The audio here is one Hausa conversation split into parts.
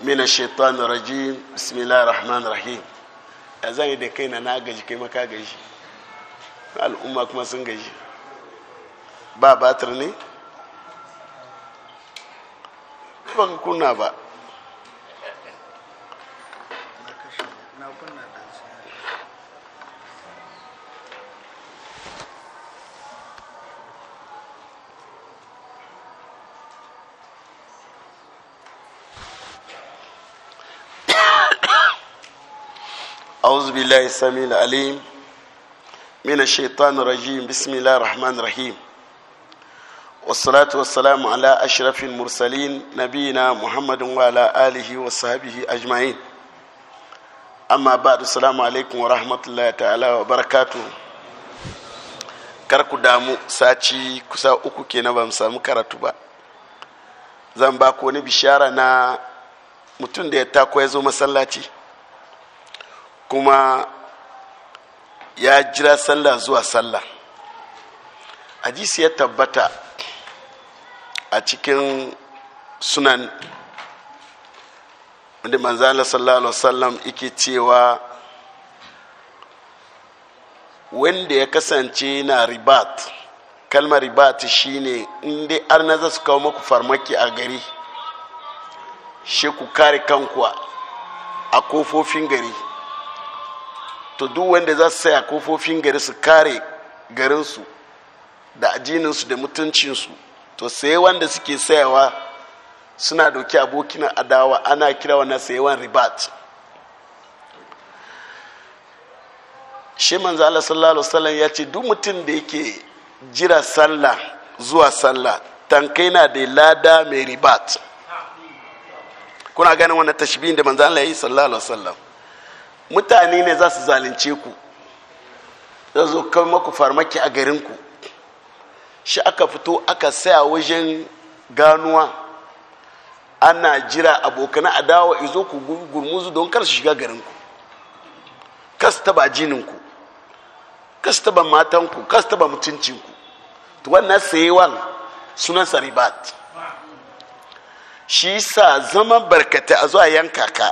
mina shaitan rajim bismillah rahman rahim a zai da kai na gaji kai maka gaji al'umma kuma sun gaji ba batir ne ban kuna ba بالله السميع العليم من الشيطان الرجيم بسم الله الرحمن الرحيم والصلاة والسلام على أشرف المرسلين نبينا محمد وعلى آله وصحبه أجمعين أما بعد السلام عليكم ورحمة الله تعالى وبركاته karku damu saci kusa uku kenan ba mu samu karatu ba zan ba ku wani bishara na mutum da ya tako ya zo masallaci kuma ya jira sallah zuwa sallah hadisi ya tabbata a cikin sunan wanda manzala sallallahu wasallam ike cewa wanda ya kasance na ribat kalmar ribat shine inda har na za su kawo maku farmaki a gari shi ku kare kanku a kofofin gari to duk wanda za su saya kofofin gari su kare garinsu da ajininsu da mutuncinsu to sai wanda suke sayawa suna doki abokin adawa ana kira wannan sayawan ribat shi manzo Allah sallallahu alaihi wasallam ya ce duk mutum da yake jira sallah zuwa sallah tankai na da lada mai ribat kuna ganin wannan tashbihin da manzo Allah ya yi sallallahu alaihi mutane ne za su zalunce ku za zo kai maku farmaki a garinku shi aka fito aka saya wajen ganuwa ana jira abokan adawa izo ku gurmuzu don kar su shiga garinku kas taba jininku kas taba matanku kas taba mutuncinku to wannan sayewan sunan saribat shi sa zama barkata a zuwa yanka ka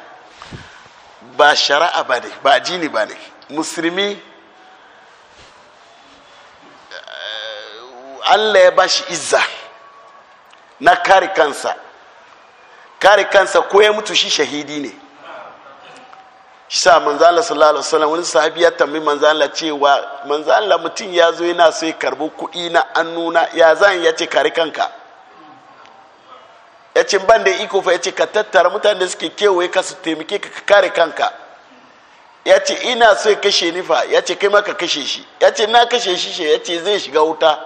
ba shari'a ba ne ba jini ba ne musulmi eh, allah ya bashi izza na kare kansa kare kansa ko ya mutu shi shahidi ne sa manzala sallallahu alaihi wasallam wani sahabi ya tambayi manzala cewa manzala mutum ya zo yana sai karbo kuɗi na annuna ya zan ya ce kare kanka ya ce ban da iko fa ya ce ka tattara mutane da suke kewaye ka su taimake ka kare kanka ya ce ina so ya kashe ni fa ya ce kai ma ka kashe shi ya ce na kashe shi shi ya ce zai shiga wuta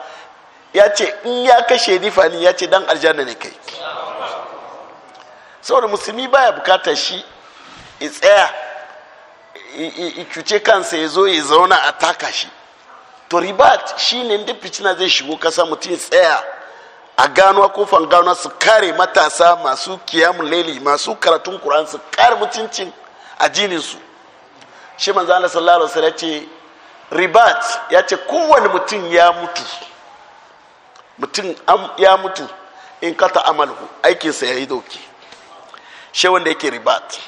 ya ce in ya kashe ni fa ni ya ce dan aljanna ne kai saboda musulmi baya bukatar shi ya tsaya ya cuce kansa ya zo ya zauna a taka shi to ribat shine inda fitina zai shigo kasa mutum ya tsaya a gano kofan gano su kare matasa masu kiyamun laili masu karatun kuran su kare mutuncin ajininsu shi manzo Allah sallallahu alaihi ce ribat ya ce kowane mutum ya mutu mutum ya mutu in kata amalhu aikinsa ya yi doki shi wanda yake ribat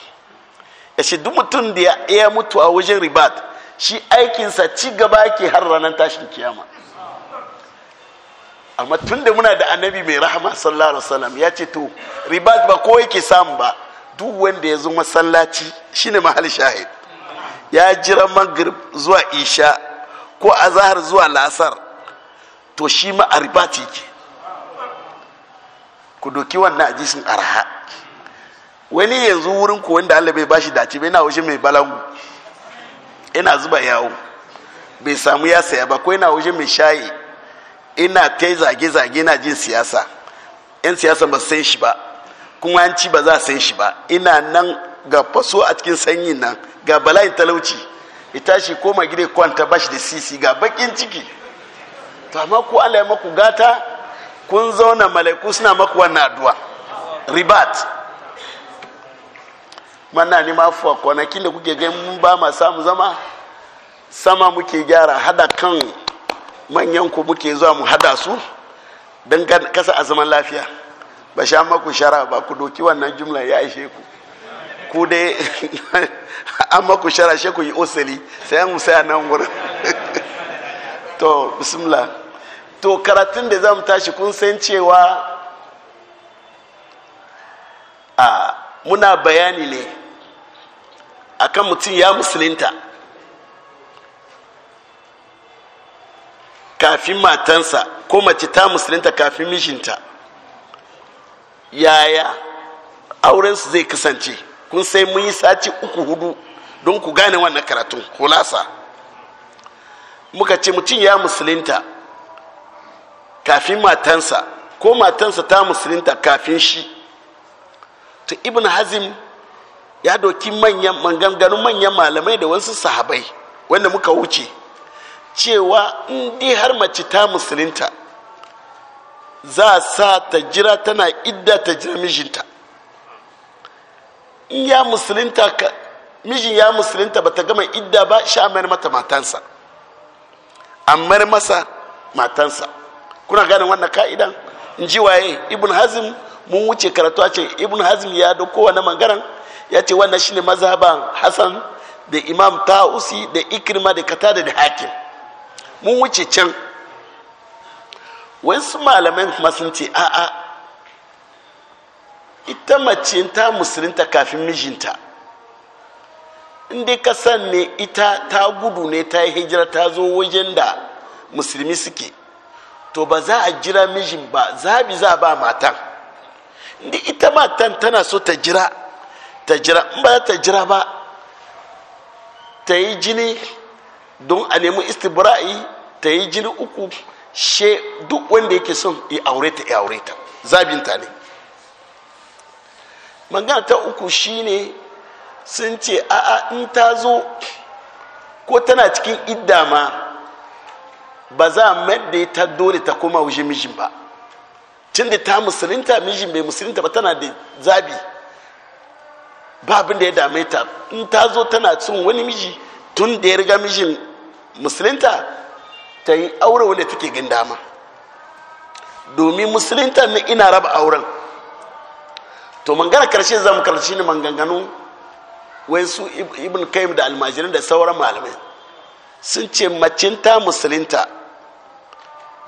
ya ce duk mutum da ya mutu a wajen ribat shi aikinsa ci gaba yake har ranar tashin kiyama amma tun da muna da annabi mai rahama sallallahu alaihi wasallam ya ce to ribat ba ko yake samu ba duk wanda ya zo masallaci shine mahal shahid ya jira maghrib zuwa isha ko azahar zuwa lasar to shi ma a ribat yake ku doki wannan ajisin arha wani yanzu wurin ku wanda Allah bai bashi dace bai na haushin mai balangu ina zuba yawo bai samu ya saya ba ko ina wajen mai shayi ina ta yi zage-zage na jin siyasa yan siyasa ba san shi ba kuma 'yanci ba za san shi ba ina nan ga faso a cikin sanyin nan ga bala'in talauci ya tashi koma gida kwanta bashi da sisi ga bakin ciki to amma ko Allah ya maku gata kun zauna mala'iku suna maku wannan addu'a ribat manna ni ma kwanakin da kuke gani mun ba ma samu zama sama muke gyara hada kan manyan ku muke zuwa mu hada su don kasa a zaman lafiya ba sha maku shara ba ku doki wannan jumla ya aishe ku ku dai an maku shara shi ku yi osali sai an musaya nan wurin to bismillah to karatun da zamu tashi kun san cewa a muna bayani ne akan mutum ya musulunta kafin matansa ko mace ta musulunta kafin mishinta yaya aurensu zai kasance kun sai mun yi sati uku hudu don ku gane wannan karatu hulasa muka ce mutum ya musulunta kafin matansa ko matansa ta musulunta kafin shi ta ibn hazim ya doki manyan maganganun manyan malamai da wasu sahabai wanda muka wuce cewa indi har mace ta musulunta za a sa ta jira tana idda ta jira mijinta in ya musulunta ka mijin ya musulunta ba ta gama idda ba sha mayar mata matansa mayar masa matansa kuna ganin wannan ka'idan in ji waye ibn hazm mun wuce karatu a ce ibn hazm ya da kowane mangaran ya ce wannan shine mazhaban hasan da imam ta'usi da ikrima da katada da hakim mun wuce can wasu malaman kuma sun ce a'a ita mace ta musulunta kafin mijinta inda ka san ne ita ta gudu ne ta yi hijira ta zo wajen da musulmi suke to ba za a jira mijin ba zabi za ba matan inda ita matan tana so ta jira ta jira ba ta jira ba ta yi jini don a nemi istibra'i ta yi jini uku she duk wanda yake son ya aure ta ya aure ta zabinta ne magana ta uku shine sun ce a'a in ta zo ko tana cikin idda ma ba za a madda ta dole ta koma wajen mijin ba tun da ta musulunta mijin bai musulunta ba tana da zabi ba abin ya dame ta in ta zo tana cin wani miji tun da ya riga mijin Musulinta ta yi aure wanda take gin dama domin musulinta na ina raba auren to mangana karshe zamu karshe ne manganganu wai su ibn kaim da almajirin da sauran malamai sun ce macinta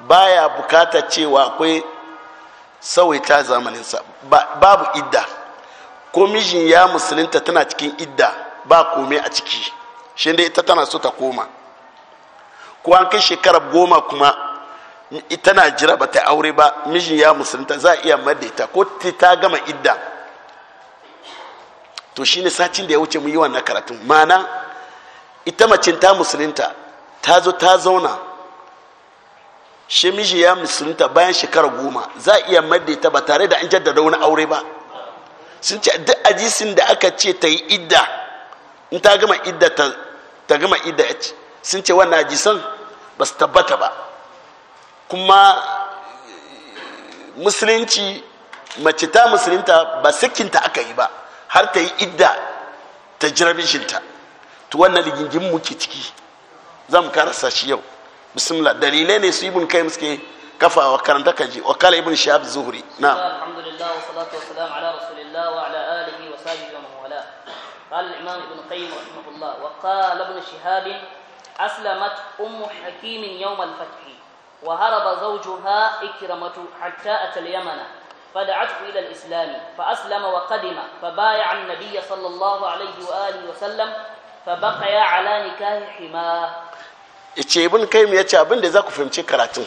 ba ya bukata cewa akwai sauita zamaninsa babu idda ko mijin ya musulinta tana cikin idda ba komai a ciki shi dai ita tana so ta koma ko an kai shekara goma kuma tana jira ba ta aure ba mijin ya musulunta za a iya madaita ko ta gama idda to shi ne sacin da ya wuce mu yi wannan karatun mana ita macin ta musulunta ta zo ta zauna shi miji ya musulunta bayan shekara goma za a iya madaita ba tare da an jaddada wani aure ba sun ce duk ajisin da aka ce ta yi idda in ta gama idda ta gama idda sun ce wannan hadisan ba su tabbata ba kuma musulunci mace ta musulunta ba sakinta aka yi ba har ta yi idda ta jirabishinta to wannan ligingin muke ciki zan karasa shi yau bismillah dalilai ne su ibn kayyim suke kafa wa karanta kaji wa kala ibn shahab zuhri na'am alhamdulillah wa salatu wa salam ala rasulillah wa ala alihi wa sahbihi wa man wala قال الإمام ابن القيم رحمه wa وقال ابن شهاب أسلمت أم حكيم يوم الفتح وهرب زوجها إكرمة حتى أتى اليمن فدعته إلى الإسلام فأسلم وقدم فبايع النبي صلى الله عليه وآله وسلم فبقي على نكاه حماه ice ibn kaim ya ce abin da za ku fahimci karatun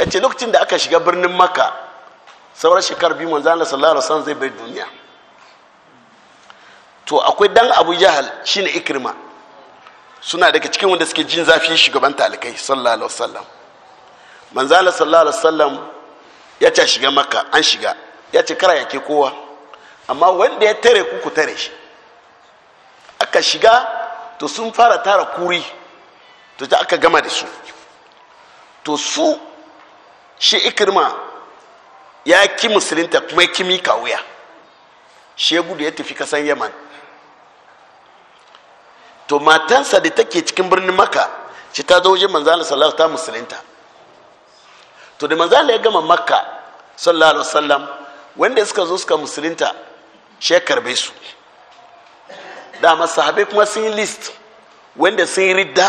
yace ce lokacin da aka shiga birnin Makka, sauran shekar biyu manzo Allah sallallahu alaihi wasallam zai bai duniya to akwai dan abu jahal shine ikrima suna daga cikin wanda suke jin zafi shugaban talikai sallallahu alaihi wasallam manzala sallallahu alaihi wasallam ya ce shiga maka an shiga ya ce kara yake kowa amma wanda ya tare ku ku tare shi aka shiga to sun fara tara kuri to ta aka gama da su to su shi ikirma ya ki musulunta kuma ya ki mika wuya Shegu da ya tafi kasan yaman to matansa da take cikin birnin maka shi ta zo wajen manzala sallallahu ta musulinta to da manzala ya gama makka sallallahu alaihi wanda suka zo suka musulinta shi karbe su dama sahabai kuma sun yi list wanda sun yi ridda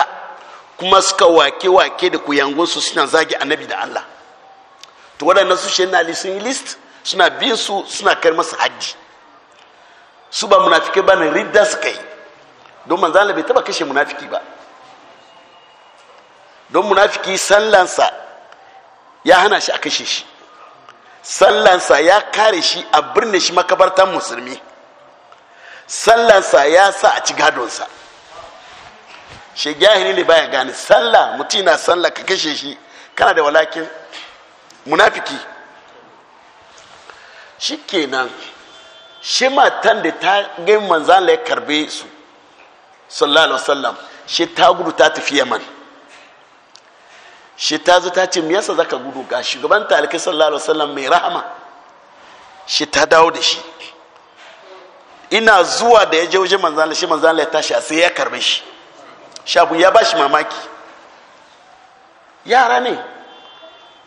kuma suka wake-wake da su suna zagi annabi da allah to waɗannan su shi sun yi list suna bin su suna kai masa hajji su ba munafikai ba ne ridda suka yi don manzala bai taba kashe munafiki ba don munafiki sallansa ya hana shi a kashe shi sallansa ya kare shi a birne shi makabartan musulmi sallansa ya sa a ci gadonsa shi jahili ne baya gane salla mutum na salla ka kashe shi kana da walakin munafiki shi kenan shi matan da ta gai manzan ya karbe su sallallahu alaihi wasallam shi ta gudu ta tafi yaman shi ta zo ta ce me yasa zaka gudu ga shugaban talikai sallallahu alaihi wasallam mai rahama shi ta dawo da shi ina zuwa da ya je wajen Allah shi Allah ya tashi a sai ya karbe shi shabu ya bashi mamaki yara ne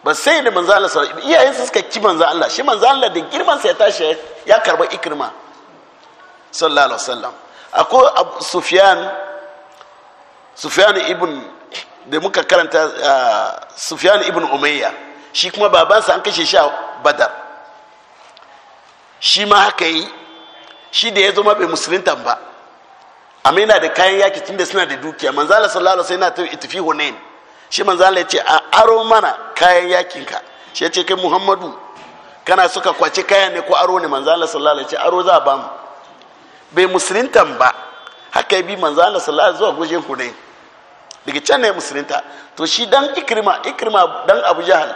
ba sai da manzan Allah sallallahu alaihi iyayensa suka ki manzan Allah shi manzan Allah da girman sa ya tashi ya karba ikrima sallallahu alaihi wasallam akwai sufyan sufiyan ibn da muka karanta ah, sufiyan ibn umayya shi kuma babansa an kashe shi a badar shi ma haka yi shi da ya zama bai musulintan ba amma yana da kayan yaki tun da suna da dukiya manzala sallallahu alaihi wasallam yana ta itifi hunain shi manzala ya ce a aro mana kayan yakinka shi ya ce kai muhammadu kana suka kwace kayan ne ko aro ne manzala sallallahu alaihi wasallam ya ce aro za a bamu bai musulunta ba haka bi manzo Allah sallallahu alaihi zuwa gojen kunai daga can ne musulinta to shi dan Ikrima Ikrima dan Abu Jahal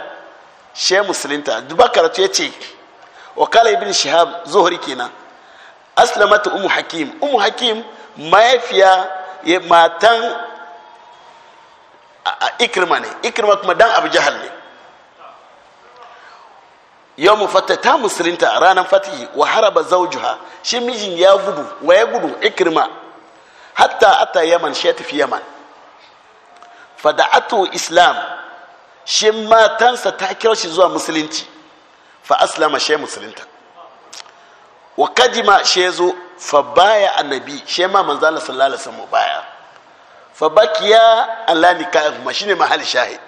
she musulinta duba karatu yace wa kala ibn Shihab Zuhri kenan aslamatu ummu Hakim ummu Hakim mayafiya matan Ikrima ne Ikrima kuma dan Abu Jahal ne Yau mu fata ta musulunta ranar fatihi wa haraba zaujuha shi mijin ya gudu wa ya gudu ikrima hatta ata yaman shi ya tafi yaman fada'atu islam shi matansa ta kira shi zuwa musulunci fa aslama shi musulunta wa kadima shi zo fa baya annabi shi ma manzala sallallahu alaihi mu baya fa bakiya Allah nikahuma shine mahal shahid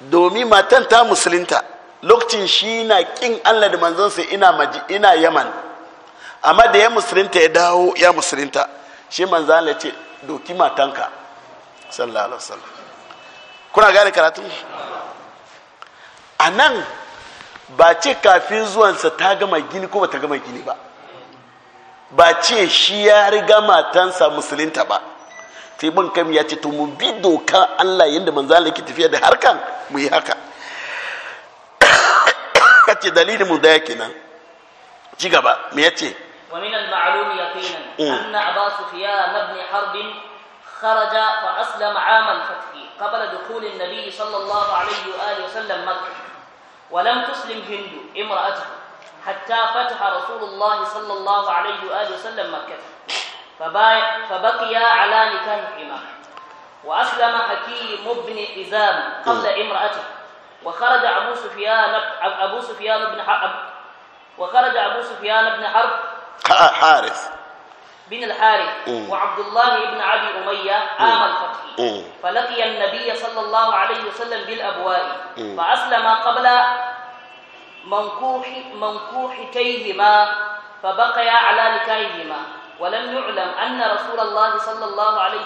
domin matan ta musulunta lokacin shi na kin allah da manzansa ina maji ina yaman amma da ya musulunta ya dawo ya musulunta shi manzan allah ce doki matanka sallallahu alaihi wasallam kuna gane karatu a nan ba ce kafin zuwansa ta gama gini ko ba ta gama gini ba ba ce shi ya riga matansa musulunta ba sai bin kam ya ce to mu bi doka allah yadda manzan allah ke tafiya da harkan mu yi haka kati dalili mu daya kenan ci gaba me yace wa min al-ma'lum yaqinan mm. anna aba sufyan ibn harb خرج فأسلم عام الفتح قبل دخول النبي صلى الله عليه وآله وسلم مكة ولم تسلم هند امرأته حتى فتح رسول الله صلى الله عليه وآله وسلم مكة فبقي على نكاحهما وأسلم حكيم بن إزام قبل امرأته وخرج أبو سفيان أبو سفيان بن حرب وخرج أبو سفيان بن حرب حارث بن الحارث وعبد الله بن أبي أمية عام الفتح فلقي النبي صلى الله عليه وسلم بالأبواء فأسلم قبل منكوح منكوحتيهما فبقيا على لكائهما ولم يعلم أن رسول الله صلى الله عليه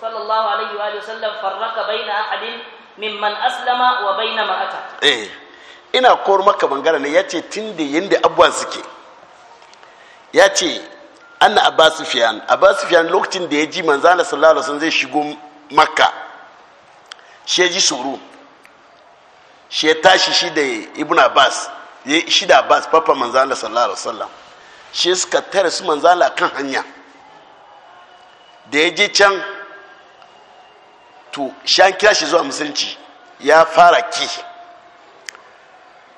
صلى الله عليه وآله وسلم فرق بين أحد mimman aslama wa baina ma'ata eh ina kor maka bangare ne yace tunda yanda abuwan suke yace anna abbas sufyan abbas sufyan lokacin da ya ji Allah sallallahu alaihi wasallam zai shigo makka shi ya ji tsoro shi ya tashi shi da ibn abbas ya shi da abbas papa Allah sallallahu alaihi wasallam shi suka tare su Allah kan hanya da ya can to shan kira shi zuwa musulunci ya fara ki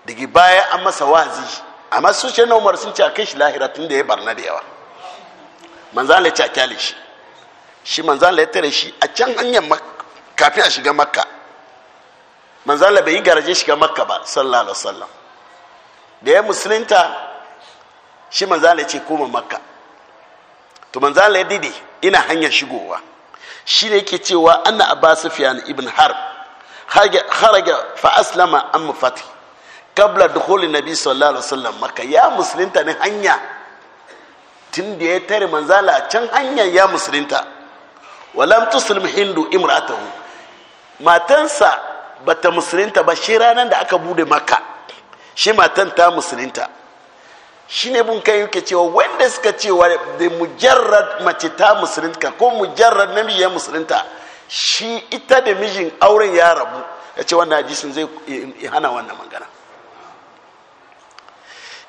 daga baya an masa wazi amma su ce na umar sun ce a kai shi lahira tun da ya barna da yawa manzan ya ce a kyale shi shi manzan ya tare shi a can hanyar kafin a shiga makka manzan bai yi garaje shiga makka ba sallallahu alaihi wasallam da ya musulunta shi manzan ya ce koma makka to manzan ya dide ina hanyar shigowa shi ne yake cewa anna abba Ibin ibn harb haraja fa aslama am fati kabla dukhuli nabi sallallahu alaihi wasallam maka ya Musulinta ne hanya tun da ya tare manzala can hanya ya musulunta walam tuslim hindu atahu. matansa bata musulunta ba shi ranar da aka bude maka shi matan ta musulunta shine bun kai yake cewa wanda suka cewa da mujarrad mace ta musulunta ko mujarrad namiji ya musulunta shi ita da mijin auren ya rabu ya ce wannan hadisin zai hana wannan magana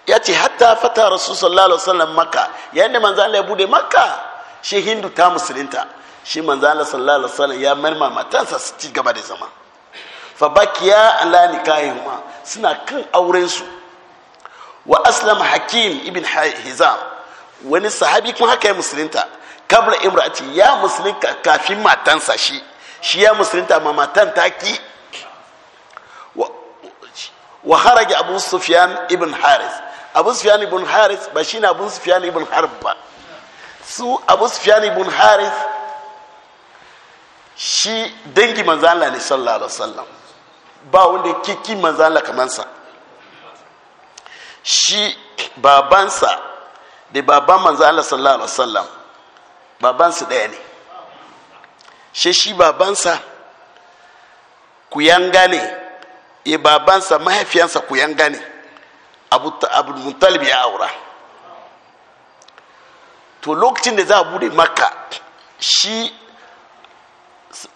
ya ce hatta fata rasu sallallahu alaihi wasallam makka yayin da manzo Allah ya bude makka shi hindu ta musulunta shi manzo Allah sallallahu alaihi wasallam ya marma matansa su ci gaba da zama fa bakiya ala nikahihuma suna kan auren su wa aslam hakim ibn hizam wani sahabi kuma haka ya musulunta kabla imrati ya musulunta kafin matansa shi shi ya musulunta ma matan ta ki wa haraja abu sufyan ibn haris abu sufyan ibn haris ba shi ne abu sufyan ibn harb ba su abu sufyan ibn haris shi dangi manzala ne sallallahu alaihi wasallam ba wanda kiki manzala kamansa shi babansa da baban manzo Allah sallallahu alaihi wasallam babansa daya ne shi shi babansa yanga ne ya babansa mahaifiyansa yanga ne abu abu mutalib ya aura to lokacin da za a bude makka shi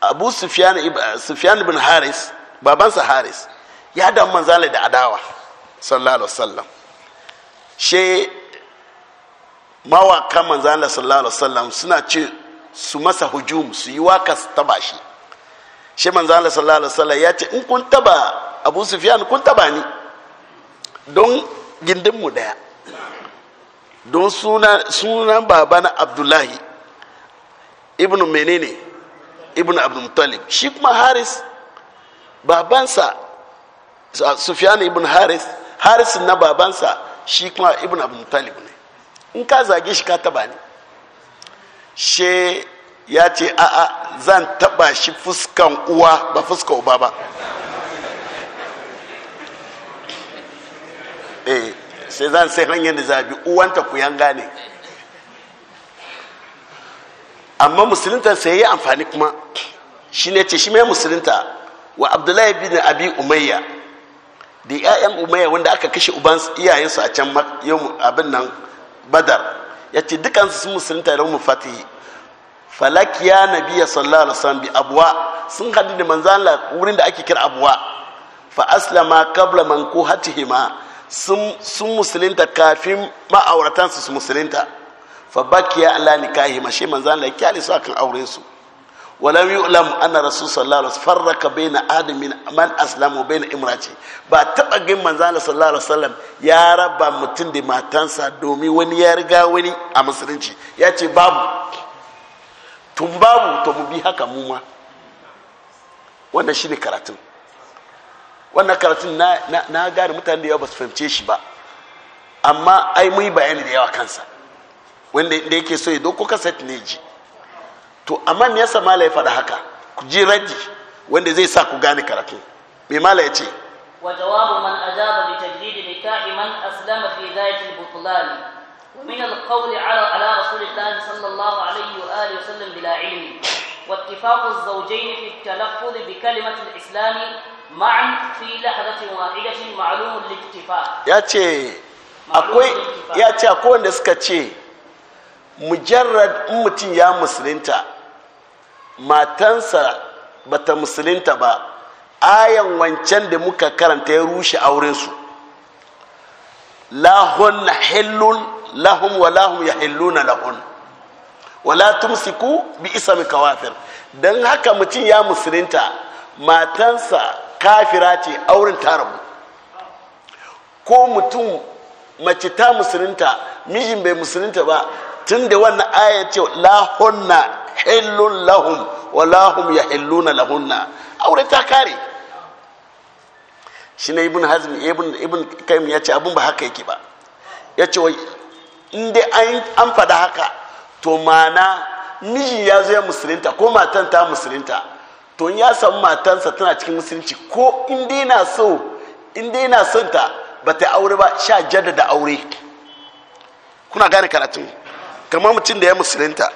abu sufyan ibn haris babansa haris ya damu manzala da adawa sallallahu alaihi wasallam she mawaka manzo Allah sallallahu alaihi wasallam suna ce su masa hujum su yi waka su taba shi she manzo Allah sallallahu alaihi wasallam ya ce in kun taba Abu Sufyan kun taba ni don gindin mu daya don suna sunan babana Abdullahi ibnu menene ibnu Abdul Muttalib shi kuma Haris babansa Sufyan ibn Haris Haris na babansa shi kuma ibn abu talib ne in ka zage shi ka taba ne she ya ce a'a zan taba shi fuskan uwa ba fuska uba ba eh sai zan sai hanyar da zabi uwanta ku yanga ne amma musulunta sai ya yi amfani kuma shi ne ce shi mai musulunta wa abdullahi bin abi umayya da 'ya'yan umayya wanda aka kashe uban iyayensu a can abin nan badar ya ce dukansu sun musulun tare mu fatihi falakiya nabiya sallallahu alaihi wasallam bi abuwa sun hadu da manzala wurin da ake kira abuwa fa aslama qabla man ko hatihima sun sun musulunta kafin ma'auratansu su musulunta fa bakiya ala nikahima shi manzala ya kyale su akan aurensu. ولم يعلم أن رسول صلى الله عليه وسلم فرق بين آدم من من أسلم وبين امرأته باتبقى جم من زال صلى الله عليه وسلم يا رب متند ما تنسى دومي وني tun وني to mu باب haka mu ma wannan shi ne karatun wannan karatun na gane mutane da yawa ba su fahimce shi ba amma ai mun yi bayani da yawa kansa wanda yake so ya doko kasa ne ji to amma me yasa mala ya faɗa haka ku ji raji wanda zai sa ku gane karatu me mala ya ce wa jawabu man ajaba bi tajdid nikahi man aslama fi dhati al-butlan ومن القول wa sallam رسول الله صلى الله عليه واله وسلم واتفاق الزوجين في التلفظ بكلمه الاسلام معا في لحظه واحده معلوم Ya يا akwai ya ce akwai wanda suka ce mujarrad in mutum ya musulunta matansa bata musulinta ba ayan wancan da muka karanta ya rushe aurensu lahun hillun lahum wa lahum ya hilluna lahun wala tumsiku bi isa isami kawafir don haka mutum ya musulinta matansa kafira ce auren ta rabu ko mutum mace ta musulinta mijin bai musulinta ba tun da wannan aya ce na hillun lahum wala hum yahilluna lahunna aure ta kare shi ne ibn hazm ibn ibn kaim yace abun ba haka yake ba yace wai in dai an faɗa haka to mana miji ya zo ya musulunta ko matan ta musulunta to ya samu matansa tana cikin musulunci ko in dai na so in dai na son ta ba ta aure ba sha jaddada aure kuna gane karatun kamar mutum da ya musulunta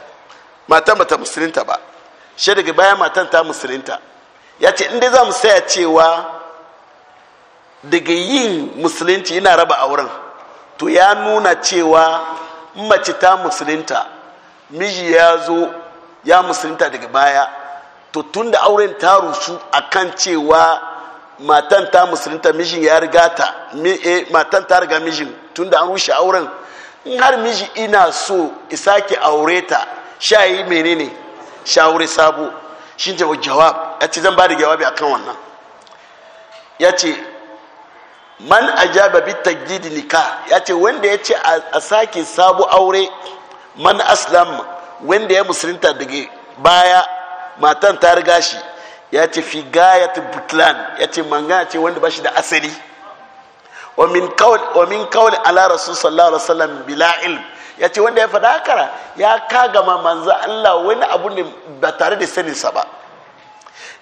matan bata musulunta ba shi daga baya matan ta musulunta ya ce inda za mu saya cewa daga yin musulunci yana raba auren to ya nuna cewa mace ta musulunta miji ya zo ya musulunta daga baya to tun da auren ta rusu a kan cewa matan ta musulunta mijin ya riga ta eh, matan ta riga mijin tun da an rushe auren in har miji ina so isake aure ta Shayi menene shawure sabo shi ta jawab ya ce zan ba da jawabi akan wannan ya ce man ajaba bi tajdid nikah ya ce wanda ya ce a sake sabo aure man aslam wanda ya musulunta daga baya matan ta riga shi ya ce fi gayatul butlan ya ce manga ce wanda ba shi da asali wa min kawli ala rasul sallallahu alaihi wasallam bila ilm ya ce wanda ya faɗa kara, ya gama manzo Allah wani abu ne ba tare da saninsa ba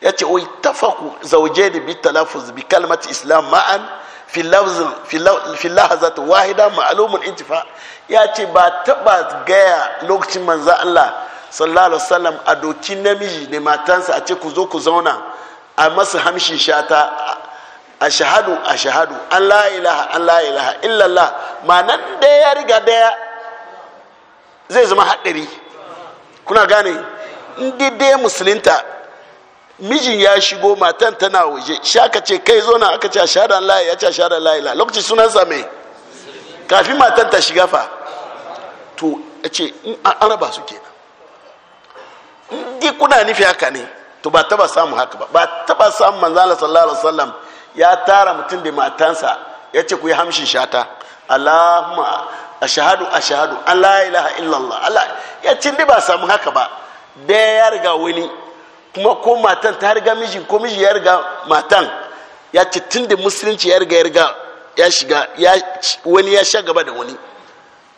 ya ce wai tafaku zauje da bi talafuz bi kalmat islam ma'an fi lahazat wahida ma'alumun intifa ya ce ba taba gaya lokacin manzo Allah sallallahu alaihi wasallam a doki namiji da matansa a ce ku zo ku zauna a masa hamshin shata a shahadu a shahadu an la'ilaha ilaha an la'ilaha illallah ma nan da riga daya zai zama haɗari kuna gane in dai musulunta mijin ya shigo matan tana waje shaka ce kai zo na aka ce shahadan layi ya ce shahadan layi la lokaci sunansa mai kafin matan ta shiga fa to a ce an araba su kenan in dai kuna nufi haka ne to ba taba samu haka ba ba taba samu manzala sallallahu alaihi wasallam ya tara mutum da matansa ya ce ku yi hamshin shata allahumma A ashahadu ashahadu Allah ilaha illallah Allah ya cin ba samu haka ba da ya riga wani kuma ko matan ta riga miji ko miji ya riga matan ya ce tun da musulunci ya riga ya riga ya shiga wani ya sha gaba da wani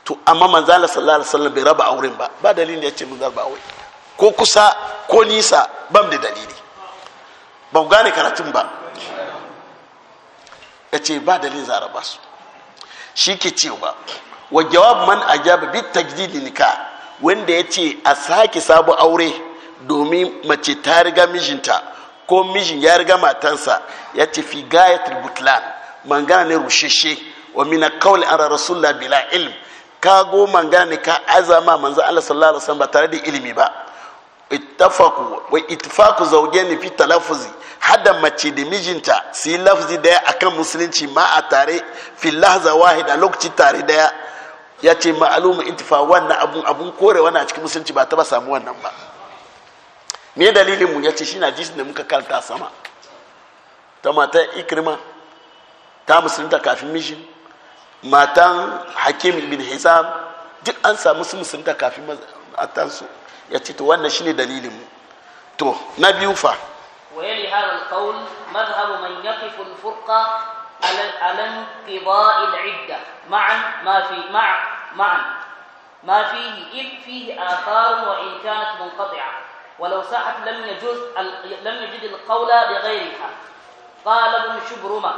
to amma manzo Allah sallallahu alaihi wasallam bai raba auren ba ba dalilin da ya ce mun zarba aure ko kusa ko nisa bam da dalili ba ku gane karatun ba ya ce ba dalilin za su shi ke cewa wa jawab man ajaba bi tajdid nika wanda ya ce a sake sabo aure domin mace ta riga mijinta ko mijin ya riga matansa ya ce fi gayatul butlan mangana ne rusheshe wa mina kawli ara rasulullah bila ilm ka go mangana ne ka azama manzo Allah sallallahu alaihi wasallam ba tare da ilimi ba ittafaqu wa ittifaqu zawjaini fi talaffuzi hada mace da mijinta si lafzi daya akan musulunci ma a tare fi lahza wahida lokaci tare daya ya ce ma'alumin intifa wannan abun abun kore wani a cikin musulunci ba taba samu wannan ba me dalilin mu ya ce shi na jisun da muka karta sama ta matan ikirma ta musulunta kafin mishin matan hakim bin hizam duk an samu su musulunta kafin matansu ya ce to wannan ne dalilin mu to na biyu fa ويلي هذا القول مذهب من يقف على على انقضاء العدة معا ما في مع معا ما فيه إذ فيه آثار وإن كانت منقطعة ولو ساحت لم يجوز لم يجد القول بغيرها قال ابن شبرمة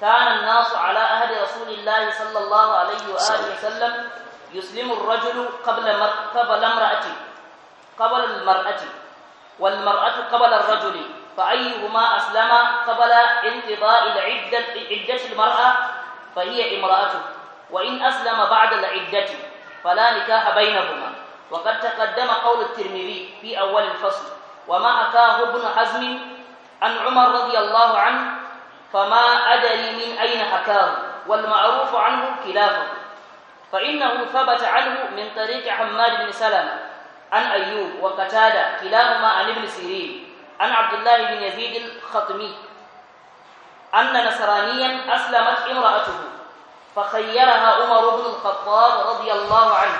كان الناس على عهد رسول الله صلى الله عليه وآله وسلم يسلم الرجل قبل قبل امرأته قبل المرأة والمرأة قبل الرجل فأيهما أسلم قبل انقضاء العدة عدة المرأة فهي امرأته وإن أسلم بعد العدة فلا نكاح بينهما وقد تقدم قول الترمذي في أول الفصل وما أتاه ابن حزم عن عمر رضي الله عنه فما أدري من أين حكاه والمعروف عنه خلافه فإنه ثبت عنه من طريق حماد بن سلمة عن أيوب وقتادة كلاهما عن ابن سيرين عن عبد الله بن يزيد الخطمي أن نصرانيا أسلمت امرأته فخيرها عمر بن الخطاب رضي الله عنه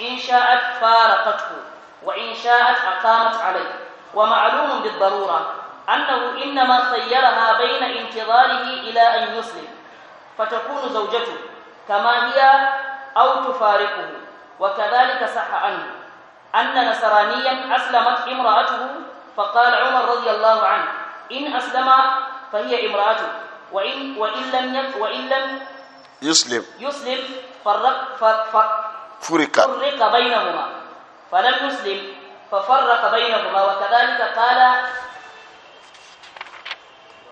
إن شاءت فارقته وإن شاءت أقامت عليه ومعلوم بالضرورة أنه إنما خيرها بين انتظاره إلى أن يسلم فتكون زوجته كما هي أو تفارقه وكذلك صح عنه أن نصرانيا أسلمت امرأته فقال عمر رضي الله عنه إن أسلم فهي امرأته وإن, وإن لم وإن لم يسلم يسلم فرق فرق فرق, فرق بينهما فلم يسلم ففرق بينهما وكذلك قال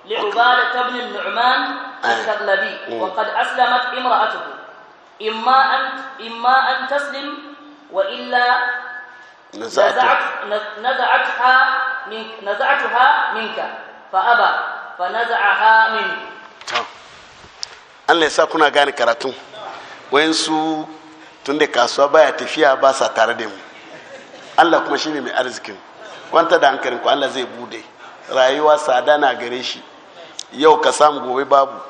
لعبادة بن النعمان آه. الشغلبي وقد أسلمت امرأته إما أن إما أن تسلم وإلا نزعتها نزعتها naza'tuha minka fa fa min Allah ya sa kuna gane karatu wayansu tun da kasuwa baya tafiya ba sa tare da mu Allah kuma shine mai arzikin kwanta da hankalin ku Allah zai bude rayuwa sada na gare shi yau ka samu gobe babu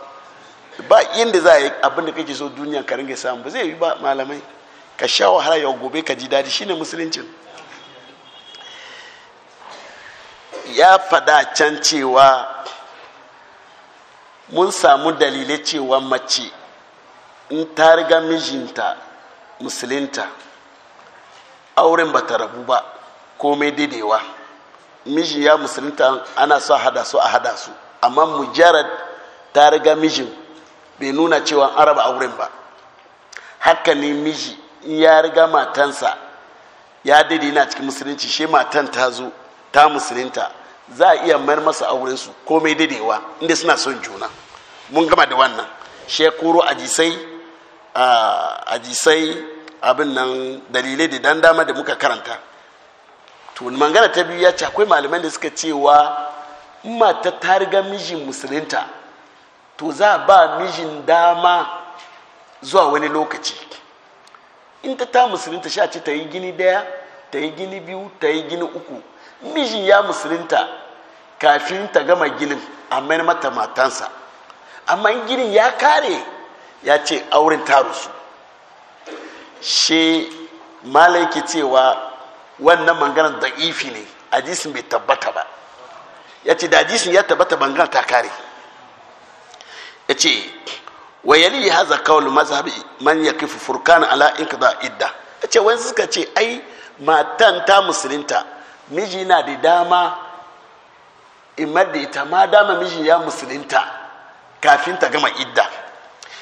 ba inda za a yi abin da kake so duniya ka ringa samu ba zai yi ba malamai ka sha wahala yau gobe ka ji daɗi shine musuluncin ya fada can cewa mun samu dalilai cewa mace in ta riga mijinta musulinta auren ba ta rabu ba komai daidaiwa miji ya musulinta ana so hada su a hada su amma mujarad ta riga mijin bai nuna cewa an raba auren ba haka ne miji in ya riga matansa ya daidai na cikin musulunci shi matan ta zo ta musulinta za a iya mayar masa auren su komai dadewa inda suna son juna mun gama da wannan shekuru a jisai abin nan dalilai da dan dama da muka karanta to mangana ta biyu ya ce akwai malaman da suka cewa mata ta riga mijin musulunta to za a ba mijin dama zuwa wani lokaci in ta ta musulunta sha ce ta yi gini daya ta yi gini biyu ta yi gini uku miji ya musulunta kafin ta gama ginin a mai mata matansa amma ginin ya kare ya ce auren ta rusu she malaiki cewa wannan manganar da ifi ne hadisin bai tabbata ba ya ce da hadisin ya tabbata bangar ta kare ya ce wa yali haza kawal mazhabi man ya kifi furkan ala in idda ya ce wani suka ce ai matan ta musulunta miji na da dama in da ita ma dama miji ya Musulinta, kafin ta gama idda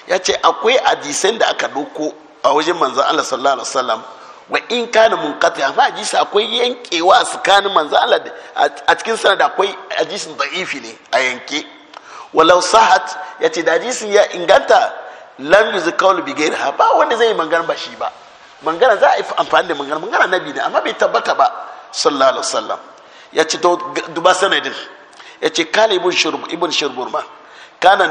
ya ce akwai hadisan da aka doko a wajen manzan Allah sallallahu alaihi wasallam wa in kana munqati amma hadisi akwai yankewa a kana manzan Allah a cikin sanad akwai hadisin da'ifi ne a yanke walau sahat ya ce da hadisin ya inganta lam yuzkaulu bi ghairiha ba wanda zai magana ba shi ba magana za a yi amfani da magana magana nabi ne amma bai tabbata ba sallallahu alaihi ya ce to duba sanadin ya ce kala ibn shurb ma shurburma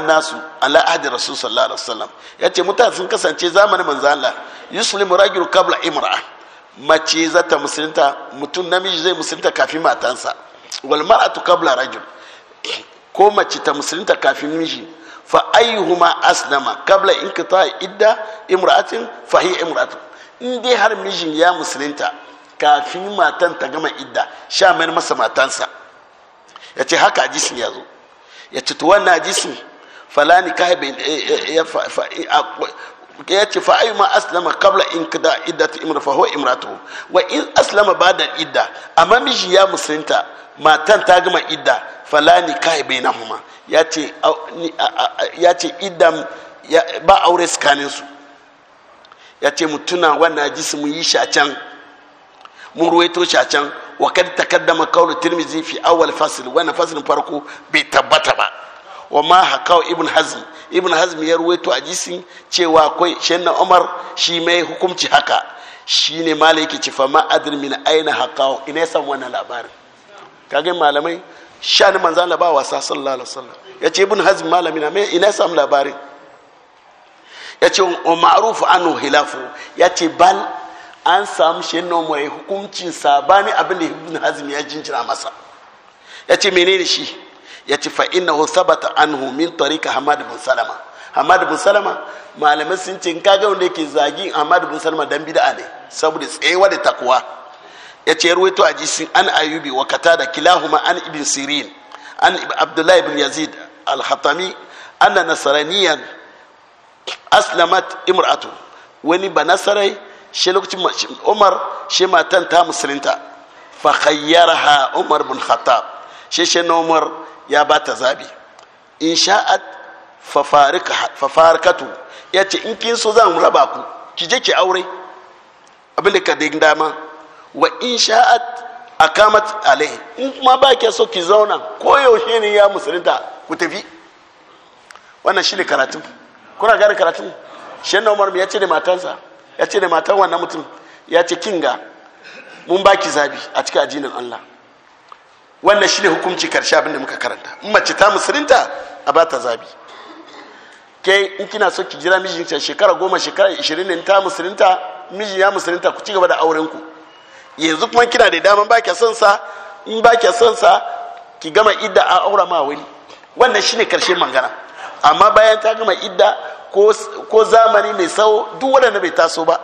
nasu ala ahdi rasul sallallahu alaihi wasallam ya ce mutane sun kasance zamanin manzo Allah yuslimu rajul qabla imra'a mace za ta musulunta mutum namiji zai musulunta kafin matansa wal mar'atu qabla rajul ko mace ta musulunta kafin miji fa ayyuhuma aslama qabla inqita'i idda imra'atin fa hiya imra'atun in dai har mijin ya musulunta kafin matan ta gama idda sha mai masa matansa ya ce haka ajisin ya zo ya ce na ajisin falani ka haibe eh, eh, eh, ya ce fa'ayi ma aslama kabla in kada ta imra fa huwa imratuhu wa in aslama ba'da idda amma miji ya musulunta matan ta gama idda falani ka haibe na huma ya ce idda ba aure tsakaninsu ya ce mutuna wannan ajisin mu yi shi a can mun ruwaito shi a can wa kad takaddama qawlu tirmizi fi awwal fasl wannan faslin farko bai tabbata ba wa ma hakawa ibn hazm ibn hazm ya ruwaito a jisin cewa akwai shanna umar shi mai hukunci haka shine malaki ci fa ma adri min aina hakawa ina san wannan labarin kage malamai ni manzo Allah ba wasa sallallahu alaihi wasallam yace ibn hazm malami na mai ina san labarin yace wa ma'ruf anhu hilafu yace bal an samu shi yin mai hukuncin sabani abin da ibn hazm ya jinjira masa ya ce menene shi ya ce fa innahu sabata an min tarika hamad bin salama hamad bin salama malamai sun ce kaga wanda yake zagi hamad bin salama dan bid'a ne saboda tsewa da takwa ya ce ruwaito a jisin an ayubi wa da kilahuma an ibn sirin an abdullahi bin yazid al-hatami anna nasraniyan aslamat imratu wani banasarai shi lokacin umar shi matan ta musulunta fa ha umar bin khattab shi shi umar ya ba ta zabi in sha'ad fa farikatu ya ce in kin so zan raba ku ki je ki aure abin da ka da dama wa in a kamat alai in kuma ba ke so ki zauna ko yaushe ne ya musulunta ku tafi wannan shi ne karatun kuna gane karatun shi umar ya ce da matansa ya ce da matan wannan mutum ya ce kinga mun baki zabi a cikin ajinin Allah wannan shine hukunci karshe abinda muka karanta in mace ta musulunta a ba ta zabi ke in kina so ki jira mijin shekara goma shekara ishirin ne ta musulunta miji ya musulunta ku ci gaba da auren ku yanzu kuma kina da daman ba ki son sa in ba ki son sa ki gama idda a aura ma wani wannan shine karshe mangana amma bayan ta gama idda ko zamani mai tsawo duk waɗanda bai taso ba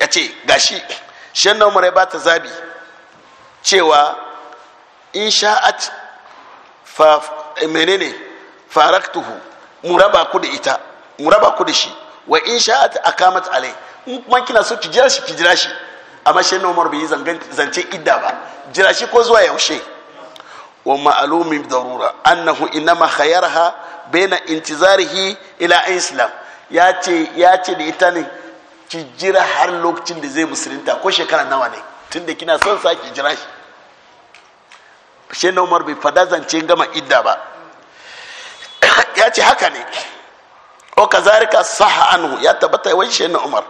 ya ce gashi shan umar ya bata zabi cewa in sha'at fa menene faraktuhu muraba ku da ita muraba ku da shi wa in sha'at akamat alai in kuma kina so ki jira shi ki jira shi amma shan umar bai yi zance idda ba jira shi ko zuwa yaushe ومعلوم بالضرورة أنه إنما خيرها بين انتظاره إلى أن يسلم ياتي ياتي لإتاني ki jira har lokacin da zai musulunta ko shekara nawa ne tun da kina son sa ki jira shi shi umar bai fadazance gama idda ba ya ce haka ne o kazarika saha anhu ya tabbata wani shi umar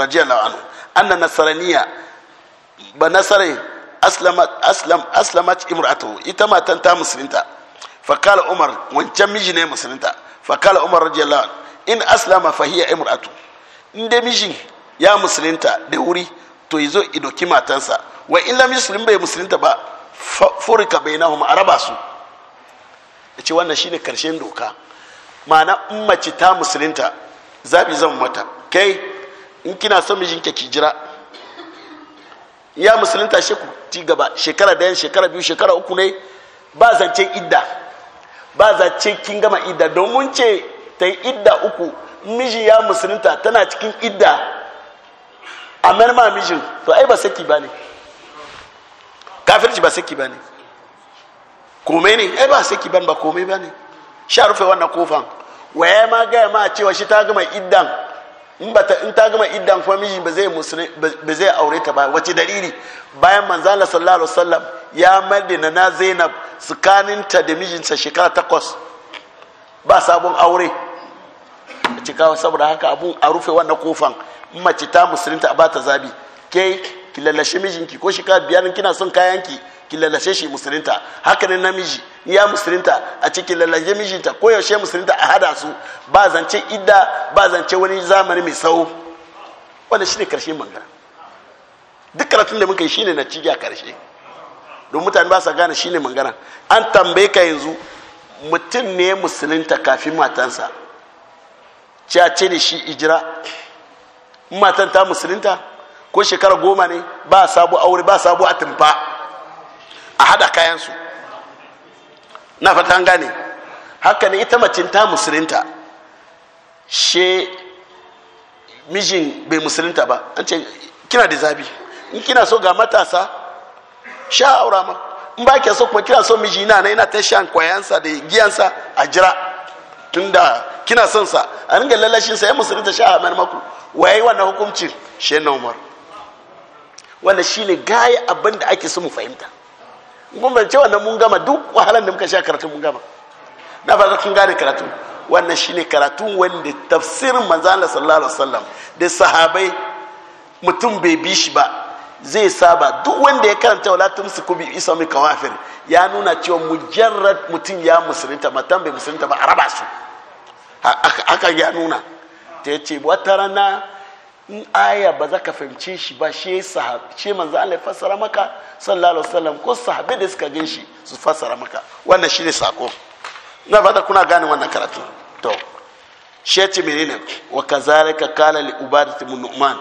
radiyallahu anhu anna nasaraniya ba nasarai aslamat aslam aslamat ita matan ta musulunta fakala umar wancan miji ne musulunta fakala umar radiyallahu in aslama fahiya imratu in dai mijin ya musulunta da wuri to yazo idoki matansa wa in lam yuslim bai musulunta ba furika bainahum araba su yace wannan shine karshen doka ma'ana in mace ta musulunta zabi zan mata kai in kina son mijinka ki jira ya musulunta shi ku ci gaba shekara ɗaya shekara biyu shekara uku ne ba ce idda ba ce kin gama idda domin ce ta yi idda uku miji ya musulunta tana cikin idda a ma mijin to ai ba saki ba ne kafirci ba saki ba ne kome ne ai ba saki ne ba kome ba ne sha rufe wannan kofan waye ma gaya ma cewa shi ta gama iddan in ba ta in ta gama iddan kuma miji ba zai musulmi ba zai aure ta ba wace dalili bayan manzala sallallahu alaihi wasallam ya madina na Zainab tsakaninta da mijinta shekara takwas ba sabon aure cika saboda haka abun a rufe wannan kofan mace ta musulunta a ta zabi ke ki lallashi mijinki ko shekara biyar kina son kayanki ki lalace shi musulunta haka ne namiji ya musulunta a cikin lalace mijinta ko yaushe musulunta a hada su ba zance idda ba zance wani zamani mai sau wannan shine karshen magana duk karatun da muka yi shine na cigiya karshe don mutane ba sa gane shine magana an tambaye ka yanzu mutum ne musulunta kafin matansa ce da shi ijira matan ta musulunta ko shekara goma ne ba sabu aure ba sabu atumfa a hada kayansu na fata gane haka ne ita macin ta musulinta she mijin bai musulinta ba an ce kina da zabi in kina so ga matasa sha aura ma in ba so kuma kina so miji na yana ta shan kwayansa da giyansa a jira tun da kina son sa a ringa lalashin sa ya musulunta sha a maku waye wannan hukuncin shi na umar wannan shine gaya abin da ake so mu fahimta mun cewa nan mun gama duk wahalan da muka sha karatu mun gama na fara kun gane karatu wannan shine karatu wanda tafsirin manzala sallallahu alaihi wasallam da sahabai mutum bai bi shi ba zai saba duk wanda ya karanta wala kubi bi mai kawafir ya nuna cewa mujarrad mutum ya musulunta matan bai musulunta ba a raba su haka ya nuna ta ce wata rana in aya ba za ka fahimce shi ba shi shi manzo Allah ya fassara maka sallallahu alaihi wasallam ko sahabbai da suka gan shi su fassara maka wannan shine sako na da kuna gane wannan karatu to shi ya ce menene wa kazalika qala li ubadat ibn nu'man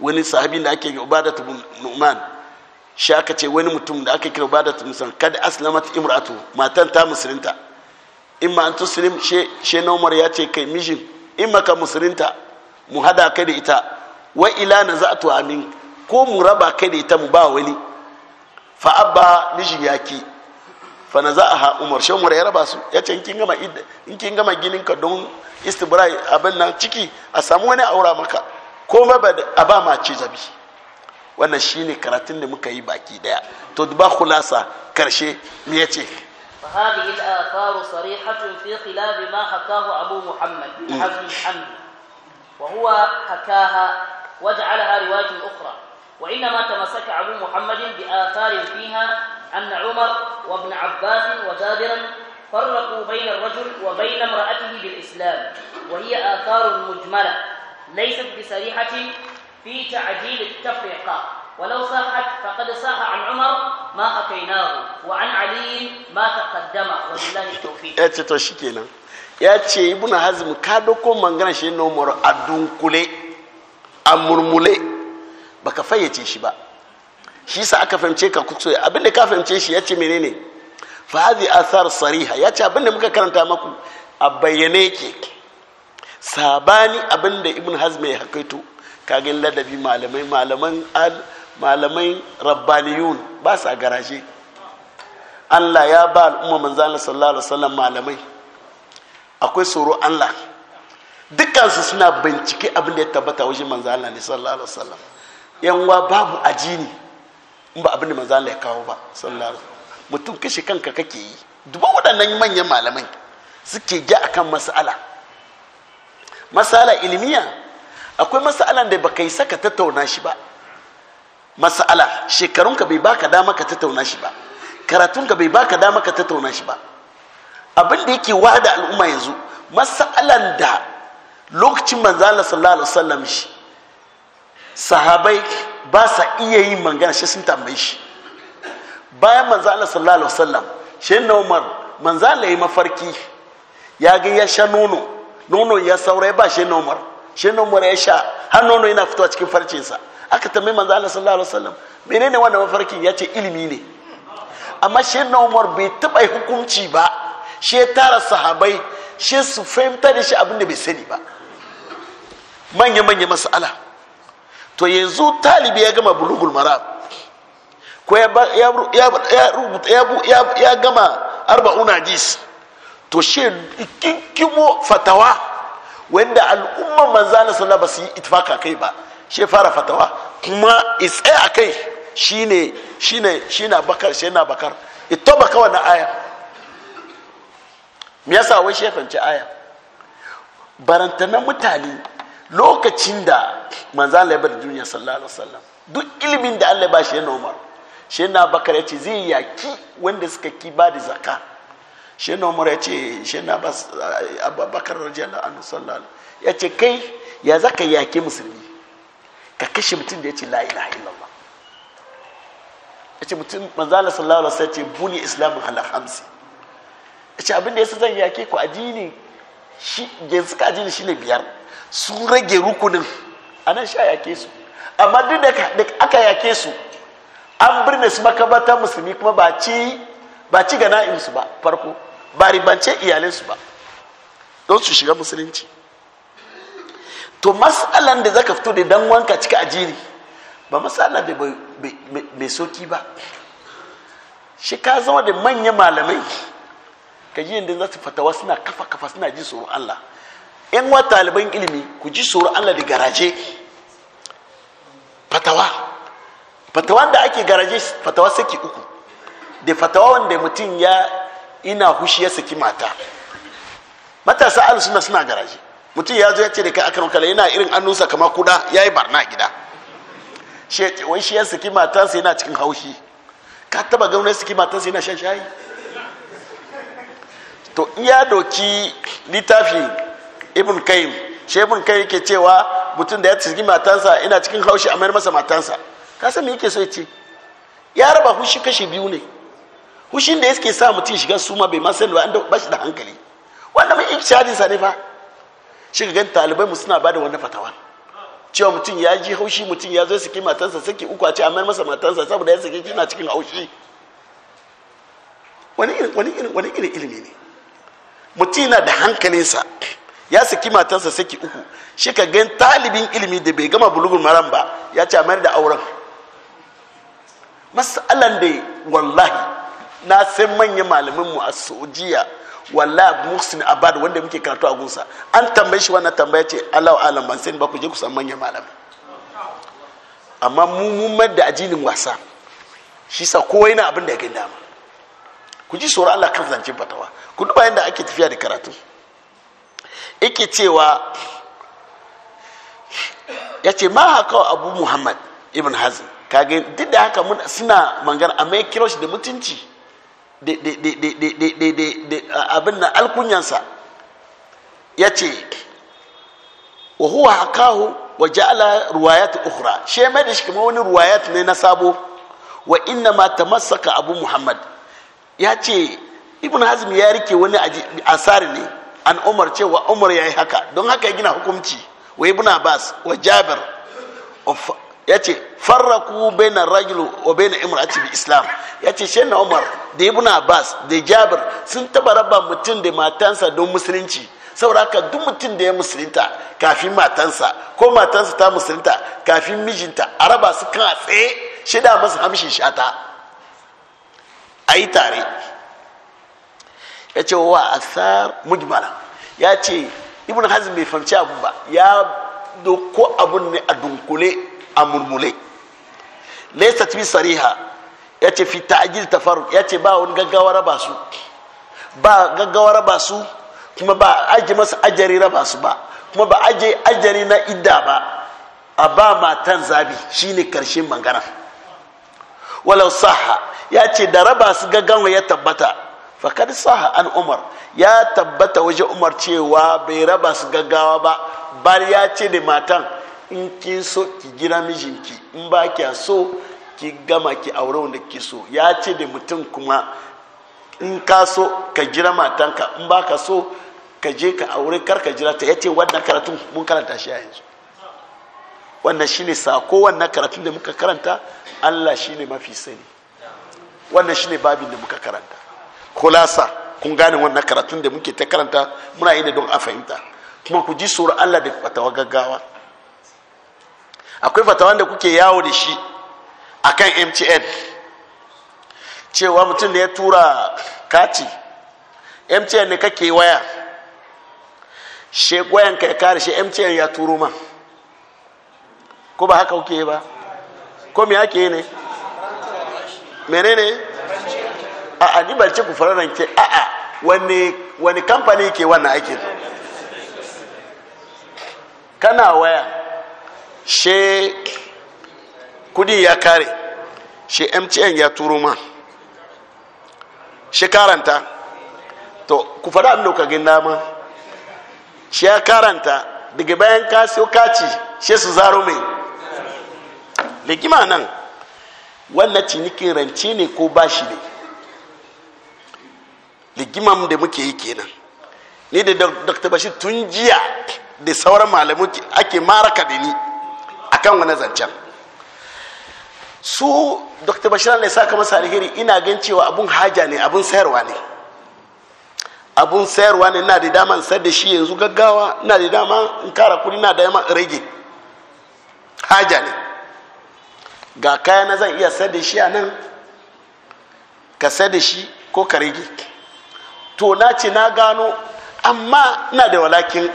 wani sahabi da ake ubadat ibn nu'man shi aka ce wani mutum da aka kira ubadat nu'man kad aslamat imra'atu matan ta musulunta imma an tuslim she she Umar ya ce kai mijin imma ka musulunta mu hada kai da ita wa ila na za tu amin ko mu raba kai da ita mu ba wani fa abba mijin yaki fa na za a ha umar shan mura ya raba su ya ce kin gama in kin gama ginin ka don istibra abin nan ciki a samu wani aura maka ko ba a ba ma ce zabi wannan shine karatun da muka yi baki daya to duba khulasa karshe me yace فهذه الآثار صريحة في خلاف ما حكاه أبو محمد بن حزم وهو حكاها وجعلها رواية أخرى وإنما تمسك أبو محمد بآثار فيها أن عمر وابن عباس وجابرا فرقوا بين الرجل وبين امرأته بالإسلام وهي آثار مجملة ليست بصريحة في تعجيل التفرقة ولو صاحت فقد صاح عن عمر ما أتيناه وعن علي ما تقدم ولله التوفيق. ya ce ibn hazm ka doko mangana shi na umaru a dunkule a murmule ka fayyace shi ba shi sa aka fahimce ka kuso abinda ka fahimce shi ya ce menene fa hadhi asar sariha ya ce abin muka karanta maku a bayyane yake sabani abinda ibn hazm ya hakaito kagin ladabi malamai malaman al malamai rabbaniyun ba sa garaje Allah ya ba al'umma manzana sallallahu alaihi wasallam malamai akwai tsoro Allah dukansu suna bincike abin da ya tabbata wajen manzo Allah ne sallallahu alaihi wasallam yanwa babu ajini in ba abin da manzo Allah ya kawo ba sallallahu alaihi mutum kashe kanka kake yi duba waɗannan manyan malamai suke ga akan mas'ala mas'ala ilmiya akwai mas'alan da baka yi saka tattauna shi ba mas'ala shekarunka bai baka dama ka tattauna shi ba karatunka bai baka dama ka tattauna shi ba abin da yake wada al'umma yanzu masalan da lokacin manzala sallallahu alaihi wasallam shi sahabai ba sa iya yin magana shi sun tambaye shi bayan manzala sallallahu alaihi wasallam shi na umar manzala yi mafarki ya ga ya sha nono nono ya saura ba shi na umar shi na umar ya sha har nono yana fitowa cikin sa aka tambayi manzala sallallahu alaihi wasallam menene wannan mafarkin ya ce ilimi ne amma shi na umar bai taba hukunci ba shi ya tara sahabai shi su fahimta da shi abinda bai sani ba manya-manya masala to yanzu talibi ya gama bulugul mara ko ya gama arba'una hadis to shi kinkimo fatawa wanda al'umman manzana sallah ba su yi itfaka kai ba shi fara fatawa kuma itsaya a kai ne shi na bakar shi na bakar ito baka wani aya me yasa wai shi fahimci aya barantanan mutane lokacin da manzan Allah ya duniya sallallahu alaihi wasallam duk ilimin da Allah ba shi ya nomar shi na Bakar ya ce zai yaki wanda suka ki ba da zaka shi na Umar ya ce shi na Abubakar radiyallahu anhu sallallahu ya ce kai ya zaka yaki musulmi ka kashe mutum da ya ce la ilaha illallah ya ce mutum manzan Allah sallallahu alaihi wasallam ya ce buni islamun halar hamsin ce abin da yasa zan yake ku addini shi yanzu ka addini shine biyar su rage rukunin anan sha yake su amma duk da aka yake su an birne su makabata musulmi kuma ba ci ba ci gana su ba farko ba ribance su ba don su shiga musulunci to mas'alan da zaka fito da dan wanka cika ajiri ba matsala da mai soki ba shi ka zama da manyan malamai ka ji yadda za su fatawa suna kafa kafa suna ji tsoron Allah yan wa taliban ilimi ku ji tsoron Allah da garaje fatawa fatawa da ake garaje fatawa saki uku da fatawa wanda mutum ya ina hushi ya saki mata matasa alu suna suna garaje mutum ya zo ya ce da kai akan kala yana irin annunsa kama kuda ya yi barna gida wai shi ya saki matansa yana cikin haushi ka taba ya saki matansa yana shan shayi to iya doki littafi ibn kayyim shi ibn kayyim yake cewa mutum da ya cikin matansa ina cikin haushi a mayar masa matansa ka san me yake so ce ya raba hushi kashi biyu ne hushin da yake sa mutum shiga suma bai ma sani ba ba shi da hankali wanda mai ikshadin sa ne fa shi ga gan talibai mu suna da wannan fatawa cewa mutum ya ji haushi mutum ya zo saki matansa saki uku a ce a mayar masa matansa saboda ya saki kina cikin haushi wani irin ilimi ne mutum na da hankalinsa ya saki matarsa saki uku shi ka gan talibin ilimi da bai gama bulugun maram ba ya ce mayar da auren masalan da wallahi na san manyan malaminmu a saudiya wallahi muhsin abad wanda muke karatu a gunsa an tambaye shi wannan tambaya ce allah alam ban sani ba ku je ku san manyan malamin amma mu mun da ajinin wasa shi sa kowa yana abin da ya gani dama ku ji tsoron Allah kan zancen fatawa ku duba yadda ake tafiya da karatu yake cewa ya ce ma haka abu muhammad ibn hazm kage duk da haka suna mangana a mai kiro shi da mutunci abin na alkunyansa ya ce wa huwa hakahu wa ja'ala ruwayat ukhra shi mai da shi kuma wani ruwayat ne na sabo wa inna ma tamassaka abu muhammad ya ce ibn hazm ya rike wani asar ne an umar ce wa umar ya yi haka don haka ya gina hukumci wa ibn abbas wa jabir ya ce farraku na ragilu wa na imrati bi islam ya ce shi umar da ibn abbas da jabir sun taba raba mutum da matansa don musulunci saboda haka duk mutum da ya musulunta kafin matansa ko matansa ta musulunta kafin mijinta a raba su kan a tsaye shida masa hamshin shata ayi tare ya ce wa asar mujmala ya ce ibn hazm bai fahimci abu ba ya doko abun ne a dunkule a murmule laysa fi sariha ya ce fi ta'jil tafarruq ya ce ba wani gaggawa raba su ba gaggawa raba su kuma ba aje masa ajari raba su ba kuma ba aje ajari na idda ba a ba matan zabi shine karshen magana walau saha ya ce da raba su gaggawa ya tabbata fakar saha an umar ya tabbata waje umar cewa bai raba su gaggawa ba bar ya ce da matan in ki so ki gina mijinki in ba ki so ki gama ki aure wanda ki so ya ce da mutum kuma in ka so ka jira matanka in ba ka so ka je ka aure kar ka jira ta ya ce wannan karatun mun karanta shi a yanzu wannan shine sako wannan karatun da muka karanta Allah shine mafi sani wannan shine babin da muka karanta kulasa kun gane wannan karatun da muke ta karanta muna yi don a fahimta kuma ku ji tsoron Allah da fatawa gaggawa akwai fatawan da kuke yawo da shi akan MTN cewa mutum da ya tura kati MTN ne kake waya shekwayanka ya kare shi MTN ya turo ma ko ba haka kuke ba ko me ake ne menene a a ni balce ku fararan ke a a wani wani kamfani ke wannan ake kana waya she kudi ya kare she mtn ya turo ma she karanta to ku fara abin da kuka gina ma she ya karanta daga bayan ka kaci she su zaro mai legima nan wannan ciniki rance ne ko bashi ne legimam da muke yi kenan ni da dr bashir tun jiya da sauran malamu ake maraka da ni a kan wani zancen su dr bashir ne saka masa alheri ina gan cewa abun haja ne abun sayarwa ne abun sayarwa ne na da dama sayar da shi yanzu gaggawa na da dama in kara kudi na da dama rage haja ne ga kaya na zan iya sai da shi a nan ka sai da shi ko ka rage to na ce na gano amma na da walakin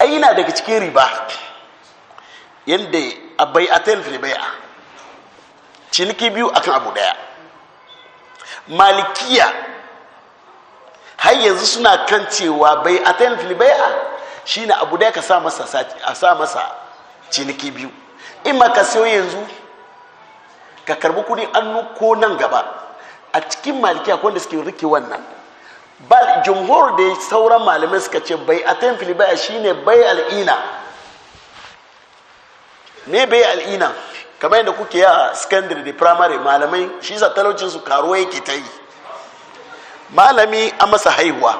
ai na daga cikin riba yadda a bai a telfil bai a ciniki biyu akan abu daya malikiya har yanzu suna kan cewa bai a telfil bai a abu daya ka sa masa ciniki biyu Ima ka siyo yanzu ka karbi kudin annu ko nan gaba a cikin maliki a kwanda suke rike wannan ba jumhur da sauran malamai suka ce bai a fili baya shine bai al'ina me bai al'ina kamar yadda kuke a secondary da firamare malamai shi za talaucin su karuwa yake ta yi malami a masa haihuwa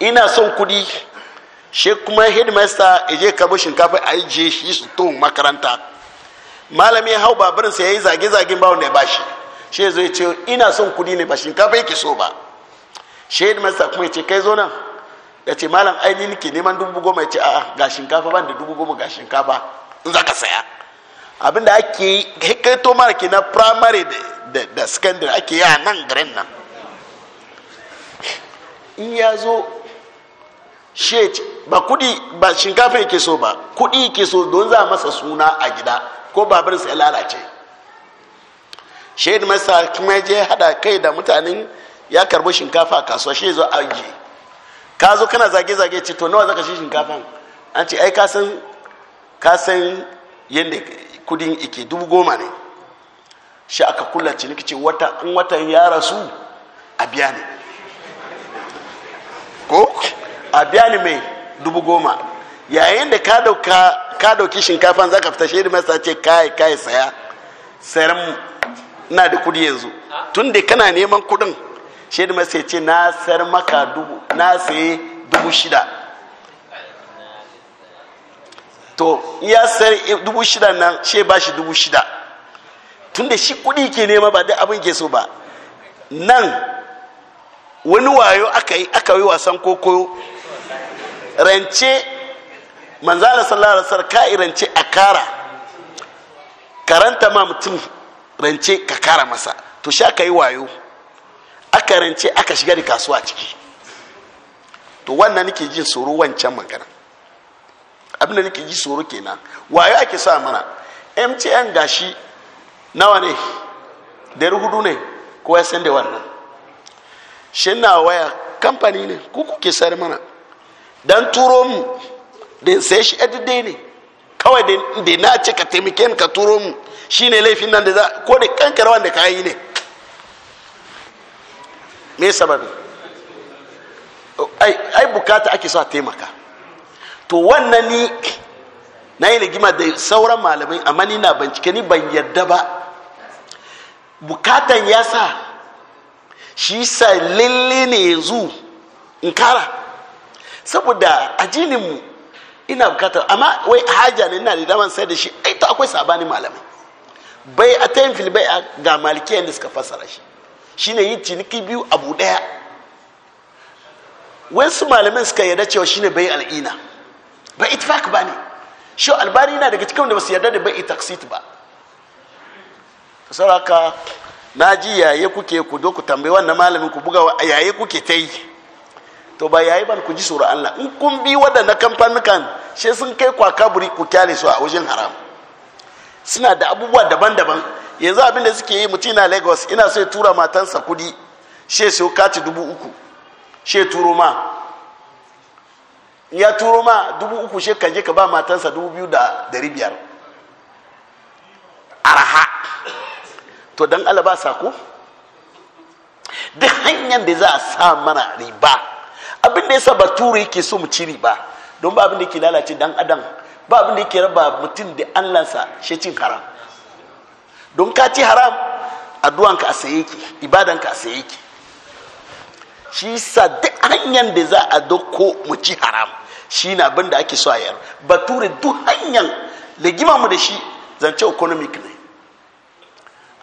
ina son kudi shi kuma headmaster je kabo shinkafa a je shi su to makaranta malami ya hau babarin sai yayi zage zagen bawon da ya bashi shi zai ce ina son kudi ne ba shinkafa yake so ba shi headmaster kuma ya ce kai zo nan ya ce malam ainihin ke neman dubu goma ya ce a'a ga shinkafa ban da dubu goma ga shinkafa in za ka saya abinda ake yi hikaito mara ke na primary da secondary ake yi a nan garin nan in ya zo shi ba kudi ba shinkafa yake so ba kudi yake so don za masa suna a gida ko babur sai lalace shaidu masa kuma je hada kai da mutanen ya karbo shinkafa kasuwa shi zo aji ka zo kana zage-zage ce to nawa zaka shi shinkafan an ce ai ka san ka san yadda kudin ike dubu goma ne shi aka kula ciniki ce wata in watan ya rasu a biya ne ko a biya ne mai dubu goma yayin da ka dauki shinkafan za ka fita shaidu masa ce kai kai saya sayan na da kudi yanzu ah. tun da kana neman kudin shaidu masa ce na sayar maka dubu na saye dubu shida to ya sayar eh, dubu shida nan shi ba shi dubu shida tun da shi kudi ke nema ba da abin ke so ba nan wani wayo aka yi aka yi wasan kokoyo rance manzala sallallahu alaihi wasallam rance a kara karanta ma mutum rance ka kara masa to sha ka yi wayo aka rance aka shiga da kasuwa ciki to wannan nake jin tsoro wancan magana abinda nake ji tsoro kenan wayo ake sa mana mtn gashi nawa ne dari hudu ne ko ya san wannan shi na waya kamfani ne ku kuke sayar mana dan turo mu da sai shi adidai ne kawai da na ce ka taimake ka turo mu shine laifin nan da za ko da kankar wanda ka yi ne me sababi ai bukata ake so a taimaka to wannan ni na yi rigima da sauran malamai amma ni na bincike ni ban yadda ba bukatan ya sa shi sa lalle ne yanzu in kara saboda mu ina bukatar amma wai haja ne ina da daman sai da shi ai to akwai sabani malamai bai a tayin fil bai a ga malikiya da suka fassara shi shine yi ciniki biyu abu daya wasu malamai suka yarda cewa shine bai al'ina ba ittifaq ba ne shi albani na daga cikin da su yarda da bai taksit ba saboda na ji yaye kuke ku do ku tambayi wannan malamin ku buga yaye kuke ta yi to ba yayi ba ku ji tsoron Allah in kun bi kamfanukan shi sun kai kwa kaburi ku kyale su a wajen haram suna da abubuwa daban-daban yanzu abin da suke yi mutum na lagos ina so ya tura matansa kudi shi sai kaci dubu uku she turo ma ya turo ma dubu uku shi kan je ka ba matansa dubu biyu da dari biyar araha to dan Allah ba sako duk hanyar da za a sa mana riba abin da yasa bature yake so mu ciri ba don ba abin da yake lalace dan adam ba abin da yake raba mutum da allansa shi cin haram don ka ci haram addu'anka a saye ki ibadanka a saye ki shi sa duk hanyar da za a doko mu ci haram shi na abin da ake so a yar bature duk hanyar legimanmu da shi zance economic ne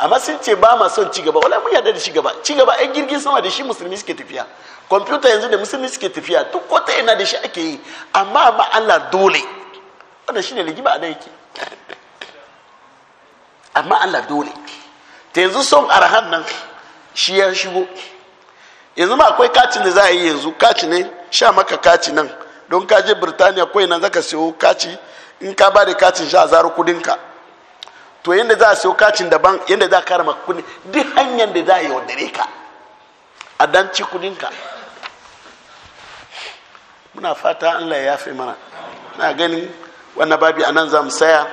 amma sun ce ba ma son cigaba wala mun yarda da cigaba cigaba ai girgin sama da shi musulmi suke tafiya kwamfuta yanzu da musulmi suke tafiya duk kota yana da shi ake yi amma ba Allah dole wannan shine ligima da yake amma Allah dole ta yanzu son arhan nan shi ya shigo yanzu ma akwai kacin da za a yi yanzu kaci ne sha maka kaci nan don ka je birtaniya kawai nan zaka siyo kaci in ka ba da kacin sha zaro kudinka to yadda za a siyo kacin daban yadda za a kara maka kudi duk hanyar da za a yaudare ka a dan ci kudinka muna fata allah ya yafe mana na gani wannan babi anan za mu saya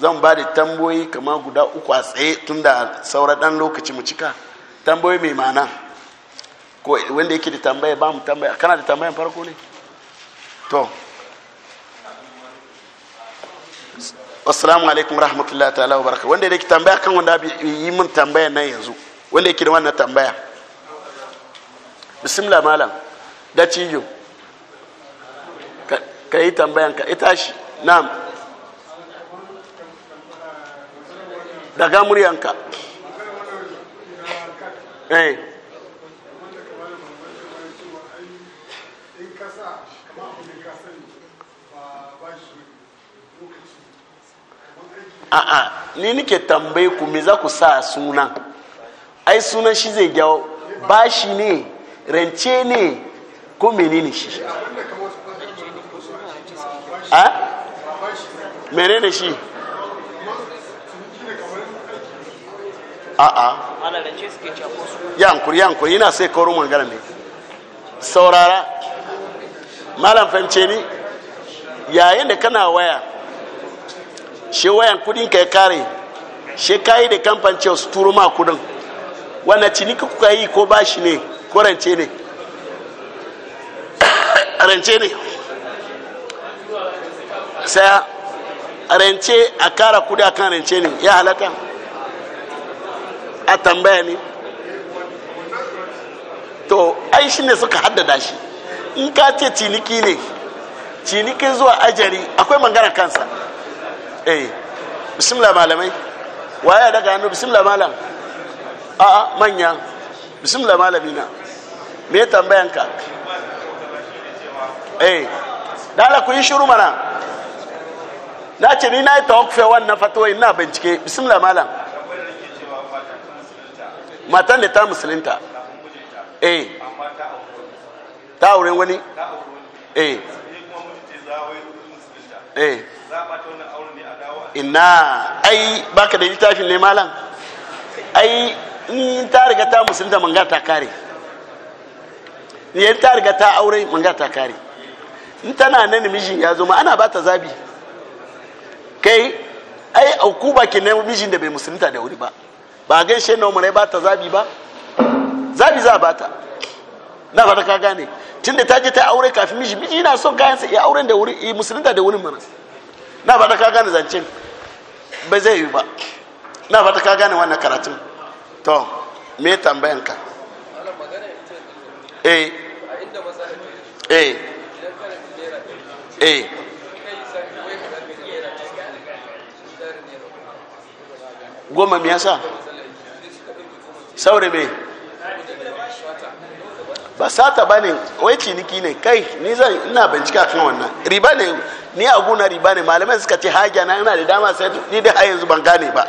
zan ba da tamboyi kamar guda uku a tsaye tun da saura dan lokaci mu cika tamboyi mai mana ko wanda yake da tambaya ba mu tambaya kana da tambayan farko ne to wassalamu alaikum rahmatullahi ta'ala wa baraka wanda yake tambaya kan wanda yi min tambaya nan yanzu wanda yake da wannan tambaya bismillah malam da cijo ka yi tambayan ka ita shi na'am daga muryanka eh a'a ni nike tambaye ku me za ku sa sunan ai sunan shi zai jawo bashi ne rance ne ko menene shi a menene shi a'a yankuri yankuri ina sai kawar magana ne saurara malam fance ni yayin da kana waya shi wayan kudin ka ya kare shi kayi da kamfan cewa su turu ma kudin wanda ciniki kuka yi ko bashi ne ko rance ne rance ne sai rance a kara kudi akan rance ne ya halaka a tambaya ne to ai shi ne suka haddada shi in ka ce ciniki ne ciniki zuwa ajari akwai mangana kansa eh bismillah malamai waye daga hannu bismillah malam a a manya bismillah malamina me ka eh dala ku yi shiru mana na ce ni na yi tawakufe wannan fatuwa na bincike bismillah malam matan da ta musulunta eh ta wurin wani eh eh inna ai baka da littafin ne malam ai ni ta riga ta musulunta manga ta kare ni ta riga ta aure manga ta kare in tana nan mijin ya zo ma ana ba ta zabi kai ai auku ba ki ne mijin da bai musulunta da wuri ba ba gaishe na umarai ba ta zabi ba zabi za a ba ta na fata ka gane tun da ta je ta aure kafin miji miji na son kayansa ya auren da wuri musulunta da wuri mana na fata ka gane zancen ba zai yi ba na fata ka gane wannan karatun to me tambayan ka eh eh eh goma me yasa saure ba sata ba ne wai ciniki ne kai ni zan ina bincika kan wannan riba ne ni a guna riba ne malamai suka ce haja na ina da dama sai ni da har yanzu ban gane ba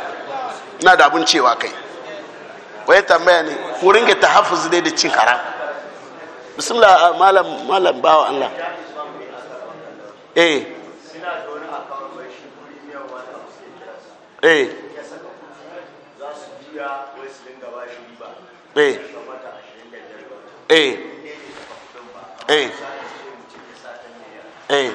ina da abun cewa kai wai tambaya ne ku ringa tahaffuz dai da cin haram bismillah ah, malam malam bawa Allah eh eh eh eh eh eh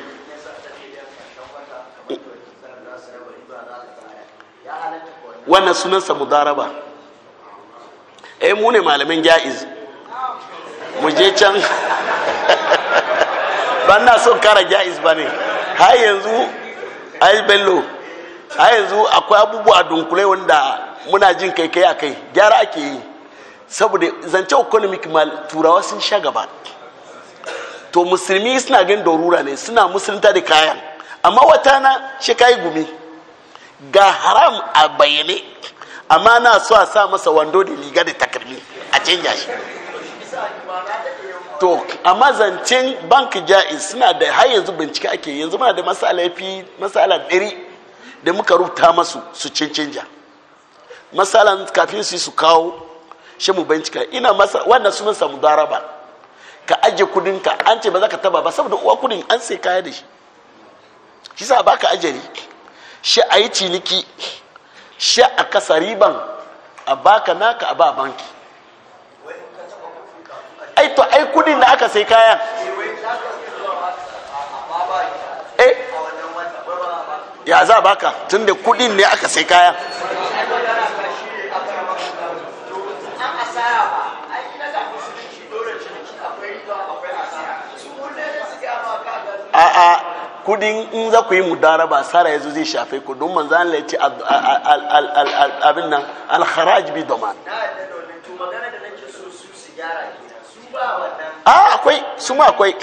wannan sunansa mudaraba eh mu ne malamin ja'iz mu je can ba na son kara ja'iz ba ne har yanzu ai bello har yanzu akwai abubuwa dunkule wanda muna jin kai kai a kai gyara ake yi saboda zance economic mal turawa sun sha gaba to musulmi suna ganin darura ne suna musulunta da kayan amma wata na shi kayi gumi ga haram a bayyane amma na so a sa masa wando da liga da takarmi a canja shi to amma zancen bank ja'i suna da har yanzu bincike ake yanzu muna da masala ɗari da muka rubuta masu su canja Masala kafin su su kawo shi mu bincika ina masa wannan sunan sa mudaraba ka aje kudin ka an ce ba za ka taba ba saboda uwa kudin an sai kaya da shi shi sa ka ajali shi a yi ciniki shi a kasa riban a baka naka a ba banki ai to ai kudin da aka sai kayan eh ya za baka tunda kudin ne aka sai kayan a'a kudin in za ku yi mudara ba sara yanzu zai shafe ku don manzo Allah ya abin nan al kharaj bi daman a akwai su ma akwai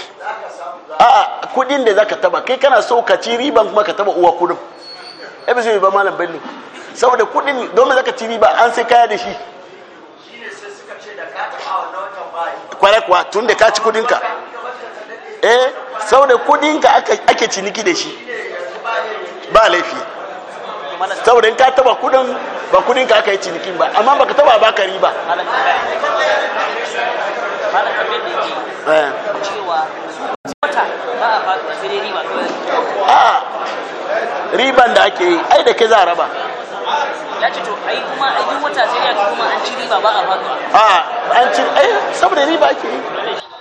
a kudin da zaka taba kai kana so ka ci riban kuma ka taba uwa kudin ebe eh, zai ba malam bello saboda kudin don me zaka ci riba an sai kaya da shi shine sai suka ce da ka taba wannan watan bai kwarekwa tun da ka ci kudin ka eh saboda kudinka ake ciniki da shi ba laifi saboda in ka taba kudin ba kudin ka aka yi cinikin ba amma baka taba baka riba eh. a ah, riban da ake yi ai da ke za a raba ya ah, ci to ai kuma ai wata sai ya kuma an ci riba ba a faɗuwa a an ci ai saboda riba ake yi